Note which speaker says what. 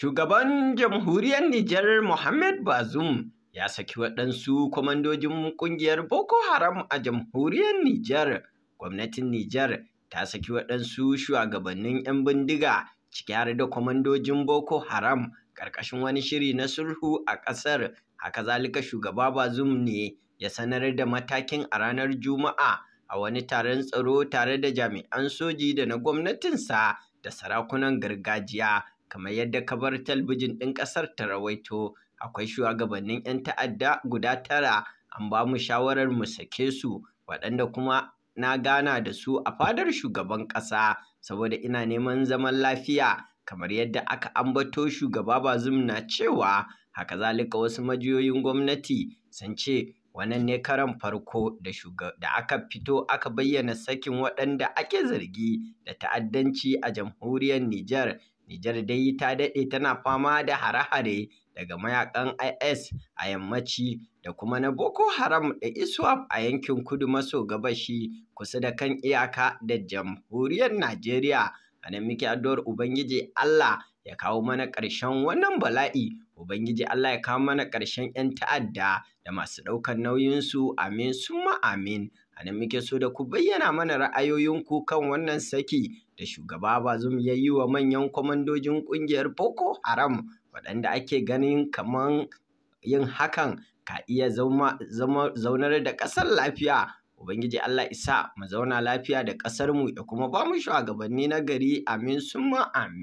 Speaker 1: Shugaban jamhuriyar Nijar Mohammed Bazoum ya saki waɗansu kwamandojin ƙungiyar Boko Haram a jamhuriyar Nijar. Gwamnatin Nijar ta saki waɗansu shugabannin 'yan bindiga ciki har da kwamandojin Boko Haram ƙarƙashin wani shiri na sulhu a ƙasar. Haka zalika shugaba Bazoum ne ya sanar da matakin a ranar Juma'a a wani taron tsaro tare da jami'an soji da na gwamnatinsa da sarakunan gargajiya kamar yadda kabar talbijin ɗin ƙasar ta rawaito akwai shugabannin 'yan ta'adda guda tara an ba mu shawarar mu sake su waɗanda kuma na gana da su a fadar shugaban ƙasa saboda ina neman zaman lafiya kamar yadda aka ambato shugaba bazum na cewa haka zalika wasu majiyoyin gwamnati sun ce wannan ne karan farko da da aka fito aka bayyana sakin waɗanda ake zargi da ta'addanci a jamhuriyar Nijar Nijar dai ta daɗe tana fama da hare-hare daga mayakan IS a yammaci da kuma na Boko Haram da ISWAP a yankin kudu maso gabashi kusa da kan iyaka da jamhuriyar Najeriya. A nan muke addu'ar Ubangiji Allah ya kawo mana ƙarshen wannan bala'i, Ubangiji Allah ya kawo mana ƙarshen 'yan ta'adda da masu ɗaukar nauyinsu, amin summa amin. a nan muke so da ku bayyana mana ra'ayoyinku kan wannan saki da shugaba bazum ya yi wa manyan kwamandojin ƙungiyar boko haram waɗanda ake ganin kaman yin hakan ka iya zaunar da ƙasar lafiya Ubangiji Allah isa mu zauna lafiya da ƙasarmu ya kuma ba mu shugabanni na gari amin summa amin.